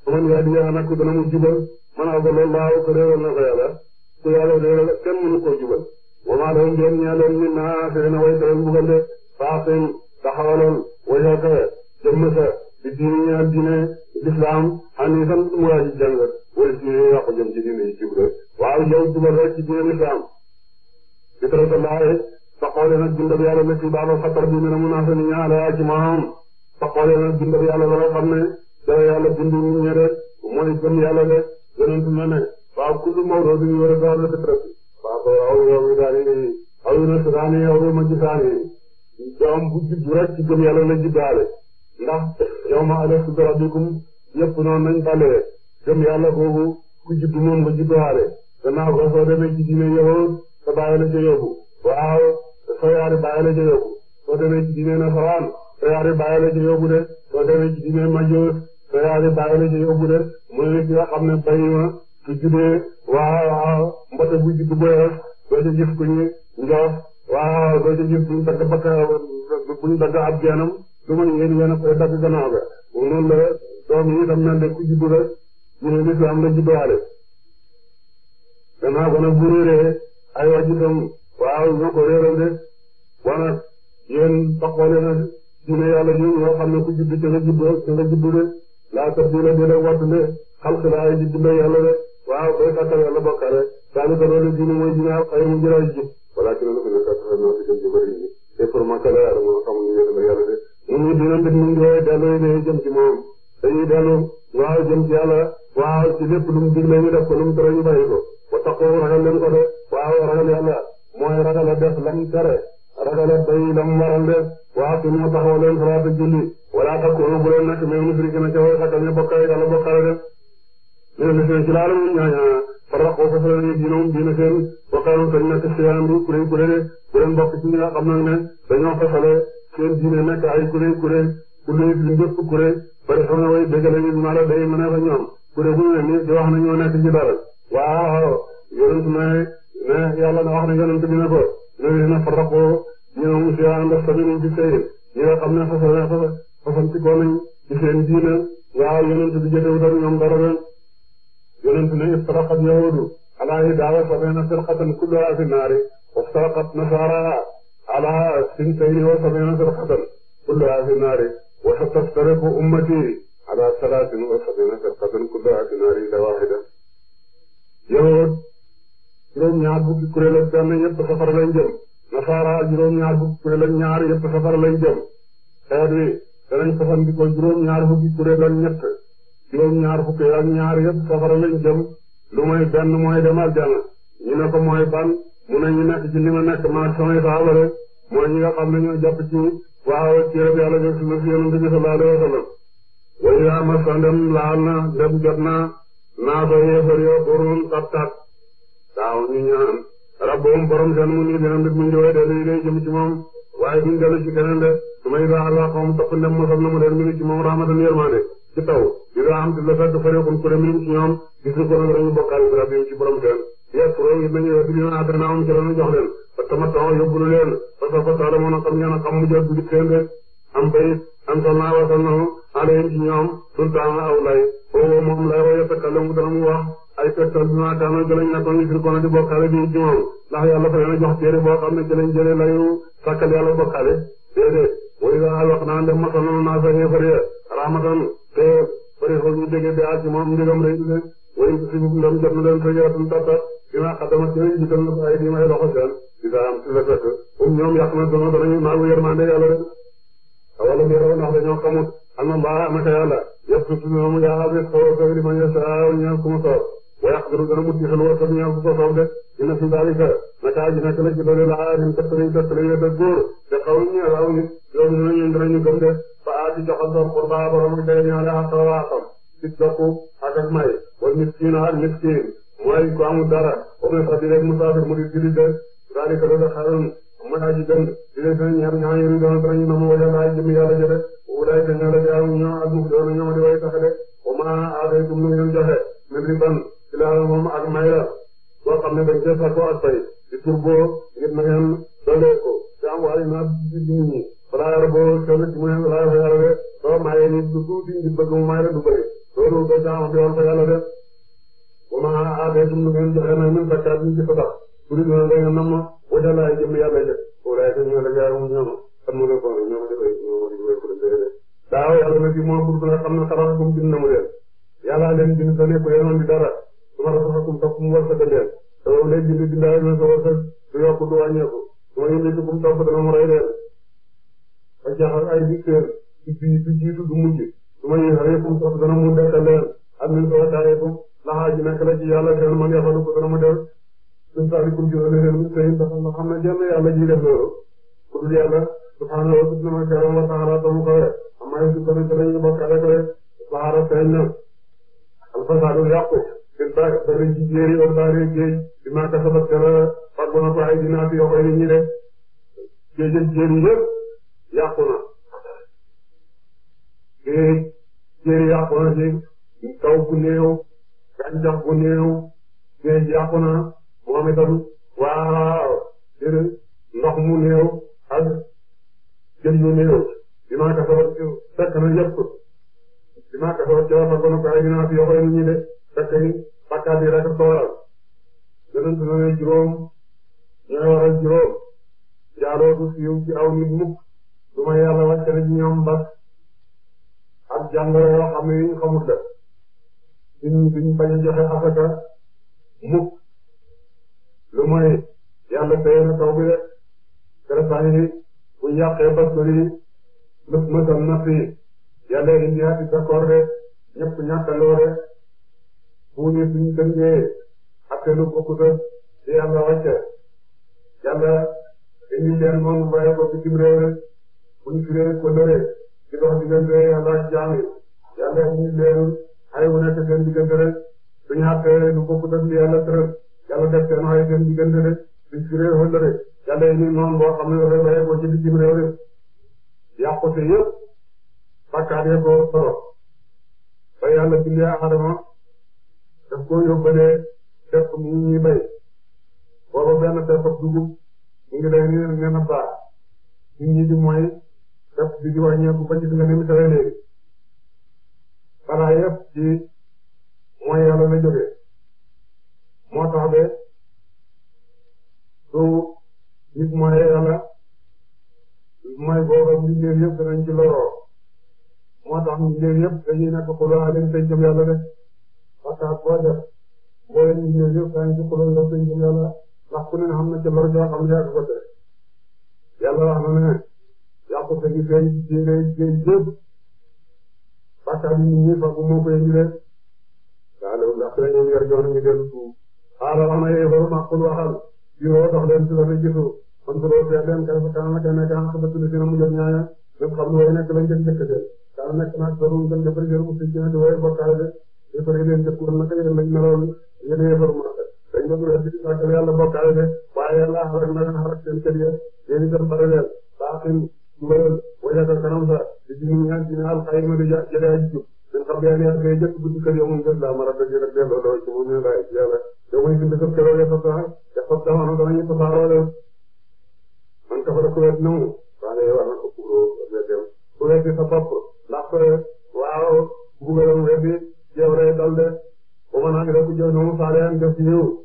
ba man yaa di yaa nag ku dana jubal man a ko loolu waaw ko réeral na ko yàlla ku yàlla réeral kenn mënu koo jubal. aleyhim a ñee leen min naa fekk na way tawal mbugal de faasin taxawaloon wajaka jëmm sa di diine ñeel diine lislaam hanifan mu raji jàng wala diine yàqu jëm ci diine jub rek waaw yow dugal rek ci diine lislaam di tere tallaaye nag bindab yàlla la ci baaba fattar bi ne mu naasa ni ñaala ci maam taxawale nag la xam ne dara yàlla bindu ñu ñe de mooy gëm war a daal la fitrati ಯಾವುದಾದ್ರೂ ಬಾಯನಸು ರಾನೇ ಅವರು ಮಂಜುತಾರೆ ಜಮ್ ಬುಜ್ ಬುರತ್ ಕಿನ್ನ ಯಲ್ಲೆ ಜಬಾರೆ ನಾಕ್ ಯಮಾಲೆ ಸುರಾದಿಕುಂ ಯಫ್ರು ಮನ್ ತಲೆ ಜಮ್ ಯಲ್ಲೆ ಹೋಗು ಕುಜ್ ದಿನೋ ಮಜ್ಬಾರೆ ತನಕೋ ಓದೇನೇ ಜಿನೇ ಯೋಬು ಸಬಾಯಲೆ ಜೇಯೋಬು ವಾ ಓ ಸಾಯಾರ ಬಾಯಲೆ ಜೇಯೋಬು ಓದೇನೇ ಜಿನೇ ನಸಾರಾ ಓಯರೆ ಬಾಯಲೆ ಜೇಯೋಬುರೆ ಓದೇನೇ ಜಿನೇ ಮಜೋರ್ ಸಾಯಾರ ಬಾಯಲೆ ಜೇಯೋಬುರೆ ಮೊರೆ ಜಿರಾ ಖಮ್ನೆ ಬಾಯೋ ಜುಡೇ ವಾ ಓ ಮೋಟ ಬುಜ್ ಬುಗೋ doo ca gis ku ñuy njoof waaw doo ca gis buñ dagg bakk buñ dagg ab jeenam lu may yéen yéen a koy dagg gannaaw ga yi itam mel ne ku juddu rek ñu ne lislaam la judduwaale gannaaw ga nag bu réeree ay wàcc itam waaw ñoo ko réeral wana yéen taxoole na dina yàlla ñu ñoo xam ne ku juddu ca ذلك loolu diine mooy diine al-qayyim mu jëlaat ji. walaakin allaziina kafaruu bi-diinihim te pour Makka la yàlla xamuñu ne dama yàlla de. ñun dinañ def ñu ngi koy delloo jëm ci moom dañuy dellu waaw jëm ci yàlla waaw ci lépp lu mu digle ñu def ko mu tere ñu bàyyi ko. wattaqu ragal leen ko de waaw ragal yàlla mooy ragal a def lam tere ragal a lam waral de waaw fi mu taxaw leen salaata julli wala takunu bu leen nekk mais musrikina ca way xatal ñu bokkaay yàlla bokkaale de. ñu ne ci laal ñaañaa faroo ko fas yéene diinam diina seen ba xayma dañu nekk si yeneen bi kuréel kuréel bu leen bokk ci ñi mara day mën a ñoom kuréel bu wax ne ñoo nekk ci dara waaw yonent ne ne na wax ne yonent bi ne ko ne na faroo ko ñoom si seen diina waaw yonent bi jotewut ak ñoom dara yonent ne iftaraqat yahudu ala ihdaa sabiina firqatan kulluhaa fi naari waftaraqat nasaaraa ala sintayni wa sabiina firqatan kulluhaa fi naari wa sataftariqu ummatii ala salaasin wa sabiina firqatan kulluhaa fi naari illaa waahida yahud juróom-ñaar fukki kuréel ak benn yëpp safara lañ jëm nasaaraa juróom-ñaar fukki kuréel ak ñaar yëpp safara lañ jëm xeet wi danañ fasan di ko juróom-ñaar fukki kuréel ak ñett juróom ñaar fukk ak ñaar yëpp safara lañ jëm lu mooy benn mooy dem aljana ñu ne ko mooy ban mu ne ñu nekk ci li ma nekk maag samay saaba rek mooy ñi nga xam ne ñoo jàpp ci waaw ci rëb yàlla jëf na si wa sallam way yaa ma ndem laal na ndem jot na naa ko yéefar yoo xurun tat tat daaw ñu ñaan rabboom borom seen mu nii dinañ mu njëwee de lii day jëm ci moom waaye duñ dellu ci keneen de su may baax la topp ndem mosal na mu mi ngi ci moom rahmatan ci taw bi nga xam te ne sax dafa nekkoon kuréel yi ci ñoom gis nga ko nag dañu bokkaale garab yi ci borom seen yéen kuréel yi nañu yóbbu ñu naan danaa am ci la ñu jox leen ba tamit taw yóbbu na leen parce que Fatou Adama bi seen de am bayit am solo naa wasal na alayhim ci ñoom sultaan aw lay moom lay waaye takkalamu dana mu wax ay tegtal bi ma kaana na di bokkaale bi ci moom ndax yàlla fa leen a jox téere boo xam ne jëlañ jëlee layu sàkkal yàlla bokkaale déedéet wóor la wax naan def masalul naa sa xeefar ya rahmatan te bëri xool ñu déggee bi aar ci moom ndigam rek ne wóor si bu ndam jot na leen sa yëratun tàttat dina xadama ci jiital na ay diim ay loxo seen di daa am si la fekk um ñoom yàq na doona danañu naagu yërmande yàlla rek awalam yaraw ndax dañoo xamut ana mbaa naka yàlla yëpp si ñoom yaa abis xawa kawli man yasa ñeew ku mu soob wa yàq dana gën a mut ci xel wërsëg ñeew ku ko soob de dina fi daal di na ci loolu laa leen def nañ def nañ def góor te xaw ñu raw de ba aati joxal doon pour baax a borom day ñaale ak xaw a xam ci dokku ak ak may wala miskin ak miskin mooy ku amul dara ba muy fàttali rek musaafir mu di jullit de daal di ko doon xaral mooy aji gën di leen seen ñaar ñaar yu doon dinañu na mu wajal ay jëm yàlla jëfe mu doon ñoo di way wa ma aataytum lu ngeen joxe mi ban ci laa ak may boo xam ne dañ koy sakkoo ak tey di turboo ngir na ngeen doolee ko te am waa naa ci nit ñi balaa yor boo kenn ci mu ne balaa yor de soo maayee nit ku tuuti nit bëgg mu maay la du bëri loolu day tax am yoon fa yàlla def bu ma aatee tum lu ngeen joxe nag min sakkaat ñu ci fa tax turi na nga ngeen nam wajal ay jëm yàlla jëf walaay te ñu la yaarum ñoom xam nga ko ñoom dafay ñoom dafay ko def daaw yàlla na fi moom pour nga xam ne xalaat bu mu bind na mu leen yàlla leen bind sa nekk yenoon di dara su ma raxasakum topp mu wërsëg leen te moom day bind dinaa leen sa wërsëg du yokku du wàññeeku su ma yulitukum topp dana mu rey leen ak jaxal ay victeur ci bii du jiitu du mujj su ma yéexaleekum topp dana mu dekkal leen am nañ soo taayeekum laxaa ji nekk la ci yàlla seen man yaxalu ko dana mu def suñ saalikum joxe leen mu sëyin tax nga xam ne jenn yàlla ji def loolu ku dul yàlla subhaanahu wa subhanahu wa karam wa taala tamu kowe amaay su kone ko dañuy bokkaale ko rek bahara feeñ na alfasaadu yàqu fil baraka dana ci jéeri wal baari géej bi maa kasabat dara fàggu na ko ay dinaat yoo koy nit ñi de géej ak jéeri yëpp yàqu na géej jéeri yàqu na ci taw bu néew gàncax bu néew géej yàqu na moom itam waaw ndox mu néew ak jën yu néew bi maa kasabat fekk na yëpp bi maa kasabat dara fàggu na ko ay dinaat yoo koy nit ñi de fekk bakkaar yi rek ko waral yonent na ne juróom ñooy waral juróom jaaloo du siiw ci aw nit mukk lu may yàlla wàcce na ci ñoom ak jàngoro yoo xam ne yuñ xamul la suñ suñ bañ a joxe mukk lu may yàlla tey na taw bi rek keroog yi buñ yàqee bas ko mës mësam na fi yàlla indi ati d'accord rek ñëpp ñàkk a loore mu ne suñu tënkee atte lu bokkut ak li yàlla wàcce yàlla indi leen moom bàyyi ko bitim réew rek buñ firee ko lëre ci dox diggante yàlla ak jaam yi yàlla indi leen xay wu nekk seen diggante rek suñu atte lu bokkut ak li yàlla tëral yàlla def seen xay seen diggante rek buñ firee ko lëre yàlla indi noonu boo xam ne dafay bàyyi ko ci bitim réew rek yàqute yëpp bakkaat yëpp ba yàlla bindee Adama daf koo yóbbalee pepp mi ñuy bay booba benn pepp dugub ñu ngi day ne ne na baax li ñuy di mooy pepp bi di wàññeeku ba gis nga ni mu tawee léegi balaa yëpp ci mooy yàlla la jógee moo tax ba su nit mooy yàlla mooy booba mbindeef yëpp danañ ci loroo moo tax mbindeef yëpp dañuy nekk xuloo aleen tey jëm yàlla parce que def boo leen ñëwee yëpp daañu ci xulóom def nañ ci yàlla ndax ku ne xam na ci lor joo xam ne yaa ko def yàlla wax na ne yàqu sa gi feeñ ci ngay ngay jéem bàkkaar yi nit ñi foofu moo koy indi de daanaka ndax dañoo yor yoon ñu dellu suuf xaaral wax na yéen loolu màqul waxal jiwoo dox leen ci la fa gisu kon bu doon seet leen kay fa kanam ak ay nekk ànd ak suñu mu jëm ñaareel lépp xam lu way nekk lañ jëm njëkk a jël daanaka nag loolu nga jëfandikoo mu si jëm di way bokkaale yéefar yi leen jëkkoon naka yéen lañ meloon yéen yéefar mu rafet dañ doon weddi di sàkkal yàlla bokkaale de waaye yàlla xarak na leen xarak seen kër ya yéen itam bare leen baaxin mbëral wajaka kanam sa di ji ñaan ci ñaal xayma di jële aji jub min xam ngeen yàlla ngay jëkk bunti kër yo mun gës la mara dëgg rek delloo doo ci mu ñu raay ci yàlla yow muy bind sëf keroo yëpp sax yàqat jamono danañu tasaaroole man kafara ku wet nangu waaye war na ko kuuroo dem ku weddi sa bopp ndax ci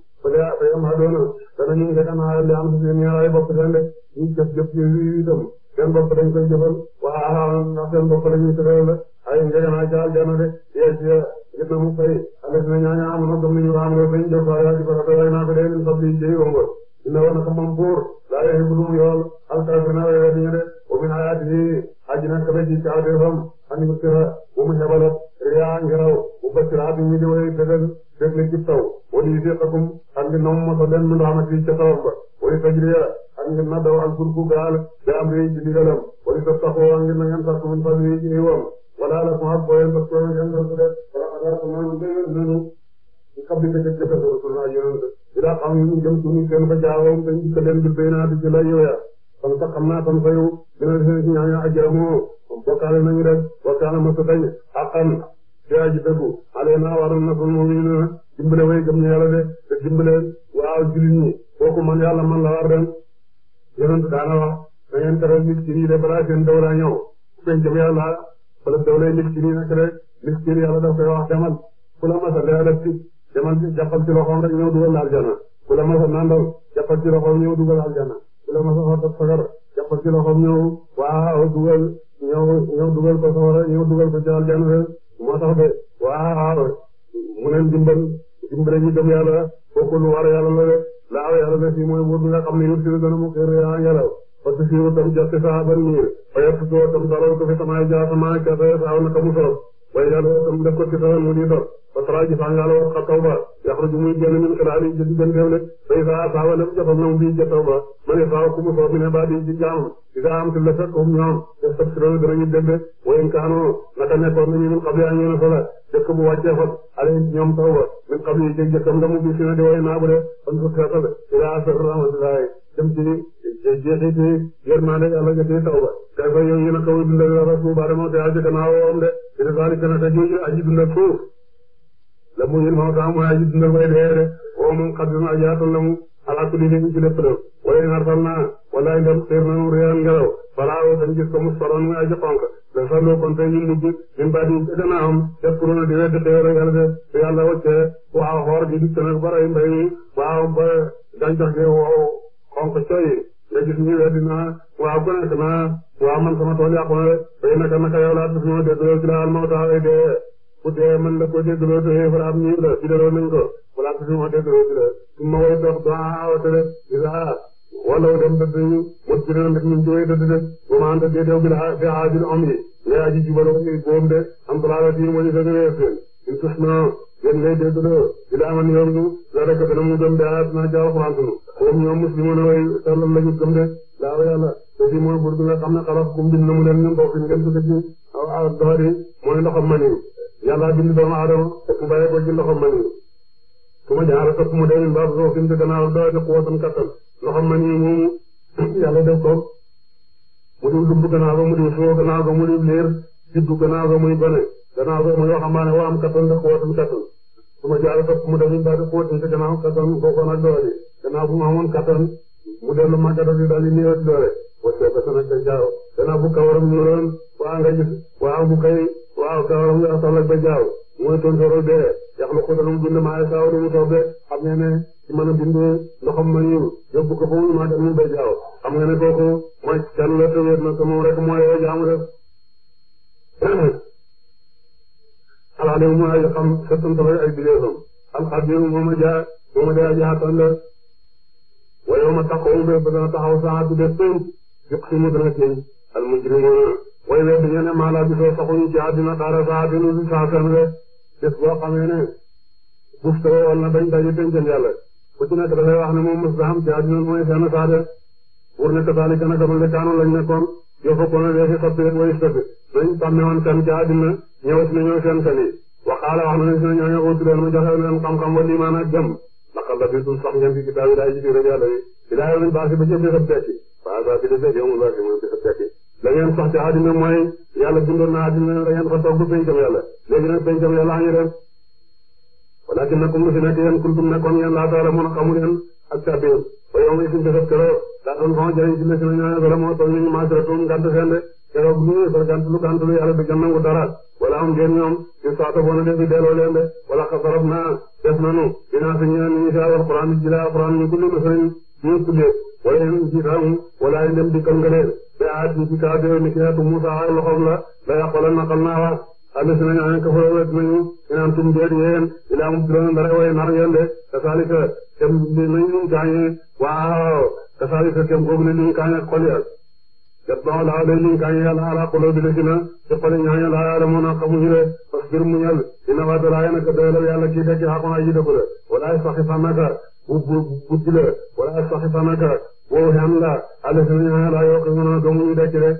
la ma soxor def sagar def ko ci loxoom ñëw waaw dugal ñëw ñëw dugal ko soxor ñëw dugal ko ci aljanna moo tax de waaw mu neen dimbal dimbale ñu gëm yàlla kooku lu war yàlla la de laaw yàlla de fii mooy buur bi nga xam ne yur si dana mu xir yaa ngelaw parce que fii tam jotti saa ban niir fayet ko tam salol ko fi samay jaa sama kese saaw na ka mu soob way yàlla tam def ko ci sawan mu di dot Fatalwa ji fànn yàlla woon xar taw ba yaxruju muy génn min xilaali ci digganteem de day saa saaba lépp jafe na mu bii ja taw ba ma ne faaw ku mu soob mi ne baa di ci jaamu di nga am te la fekk um ñoom def sa siroo danañu dégg wayen kaanu naka nekkoon nañu min qabli an yéen a sola jëkk bu wàccee fot ale ñoom taw ba min qabli yi jeg jëkkam la mu bi si na di way naabu de kon su seetal ilaa asar rahmatullahi jëm ci jeexiti yërmande yàlla jëkkee taw ba kay fa yooyu yéen a kaw dundal la rasu baadama te ajëkkanaa woom de dina saali kenata jooju aji dundal suuf la mu yil mawta mooy aji dundal way dee de woo moom xaddina aji atal la mu ala kulli li ci lépp lépp waaye naa walaay ndem xiir na réeral ngelaw balaa woo dañ gis ko mustaroon muy aji xonq dafa loo kon tey ñu mujj min ba di ganaawam def kuréel di wedd xéer yàlla de yàlla wacce waaw xoor gi dikk nag baray mbay mi naa waaw man sama tool yàqu na de bay naka naka yow laa def noo de doo ci laal mawta way dee ku dee mën la ko déggloo te yéefar am ñu la idaloo nañ ko wala su ma déggloo la su ma way dox doxaawa te de isa walaw dem dëdd ñu mot ci dana ndek ñu ci way dëdd de ba ma anta dee a bi la fi haajul om yi ngay a jubalo ni boom de am talaala diin wañu dëgg weer seen in na la aman la rek dana mu gëm a aat na jaaw xuraan sunu boom a way sàllal lañu gëm de laawa yàlla te fi mooy bur bi nga xam ne na mu leen ñu mbokk ngeen su dëgg aw aw doxari mooy ndoxam mani yàlla bind doomu aadama fekk mu bàyyi ko ci loxo mani su ma jaxal topp mu dee min baabu soo bind gannaaw doole te kattan loxo mani moomu yàlla def mu di dugg gannaaw mu di soo gannaaw ga mu di leer juddu gannaaw ga muy gone gannaaw ga muy waxambaane waa am kattan te kuwatan kattan su ma jaxal topp mu dee min baabu kuwatan te kattan bokkoon ak doole gannaaw bu ma amoon kattan mu dellu màggat ak di néew doole wala soo ko sën ak gannaaw waaw kawaram nga asalak ba bee yax lu ko danamu bind maa saaw lu xam nga ci mën a bind ndoxam ma ko fa maa dem ba jaaw xam nga ne kooku mooy kenn la te wér na te moom rek mooy yow jaamu def ay xam settan sabay ay bileefam alxabiir jaa moom a jaa jaatan la wa yow ma taxaw ba dana taxaw saatu bés pénc yuqsimu dana al mujrimuna way we dañu ne maala bi soo saxuñu ci àddina dara saa te lu saa seen rek bés boo xamee ne buf te wal na dañ daje pencen yàlla ku ci nekk dafay wax ne moom mos da am ci àddina mooy seen saa de pour ne tasaali kana kamal de kaanu lañ nekkoon yoo fa kono leegi soppi rek way soppi dañ tàmme woon seen ci àddina ñëwati na ñëw seen seen yi waxaala wax na ne si na ñooñu utu leen mu joxe leen xam-xam wala imaan ak gëm laqad labistu sax ngeen fi kitaab yi daay ji fi rek yàlla yi di daay lañ baasi ba ci bi sab tekki mu baasi la ngeen sax ci àddina mooy yàlla bindoon na àddina da ngeen ko toog bu pencam yàlla léegi nag pencam yàlla a ngi dem walakin nakum lu fi nekk yéen kuntum nekkoon yéen laa taala mun xamu leen ak sàbbi yéen ba yow mi suñu defar keroog daa doon fond jëriñ ci machine ñoo wala moo toog ñu maasira tuum gànt seen de keroog bu ñu sa gànt lu gànt lu yàlla du ca nangu dara wala am ngeen ñoom ci saata boona def di delloo leen de wala xasarab naa def nanu dinaa fi ñëw ni ñu saa wal quran ji laa quran ñu kulli masalin ñu tuddee way leen ci xamu walaay dem di kam gële ba aat bi ci kaafee ni ki xeetu Musa ay loxoom la la yàqolan na xam naa wax àll si nañu añ kafaroo wet nañu inaan tum déet yéen ilaa mu biroon dara way nar yéen de kasaalika kem di nañu nuñ kaañe waaw kasaalika kem googu ne nuñ kaañe xol ya jat baax laa day nuñ kaañe yàlla alaa xoloo bi lëkki na ci xoli ñaañe laa yàlla moo na xamuñu de parce que mu ñal dina waata laa yéen a ka doyalal yàlla kii ka ci xaqoon aji dëkku de walaay saxi sànnaka bu bu guddi la wala soxna Sanaka boo xam la àll bi ñu naan laa yokk ñu naan doomu ñu dekk rek.